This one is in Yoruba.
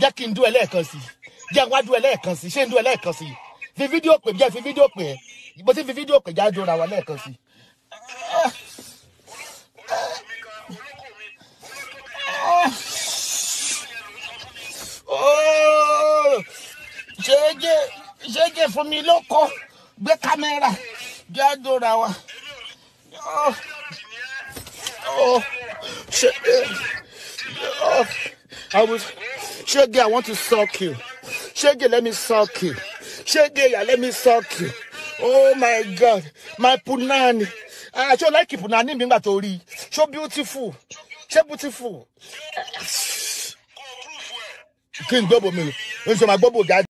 jẹ́ kí n dún ẹlẹ́ẹ̀kan sí jẹ́ wá dún ẹlẹ́ẹ̀kan sí ṣé n dún ẹlẹ́ẹ̀kan sí fi fídíò pè jẹ́ fi fídíò pè ẹ́ mo ti fi fídíò pè jáde ra wa lẹ́ẹ̀kan sí. ṣéjé ah! ṣéjé fún mi ló kọ́ gbé kámẹ́rà jáde ra wa. Oh, oh, shit. Oh, I was. Shege, I want to suck you. Shege, let me suck you. Shege, let me suck you. Oh my God, my punani. I ah, show like punani mi ngba to So beautiful. So beautiful. Kí n gbọ́ bò mí? N sọ ma gbọ́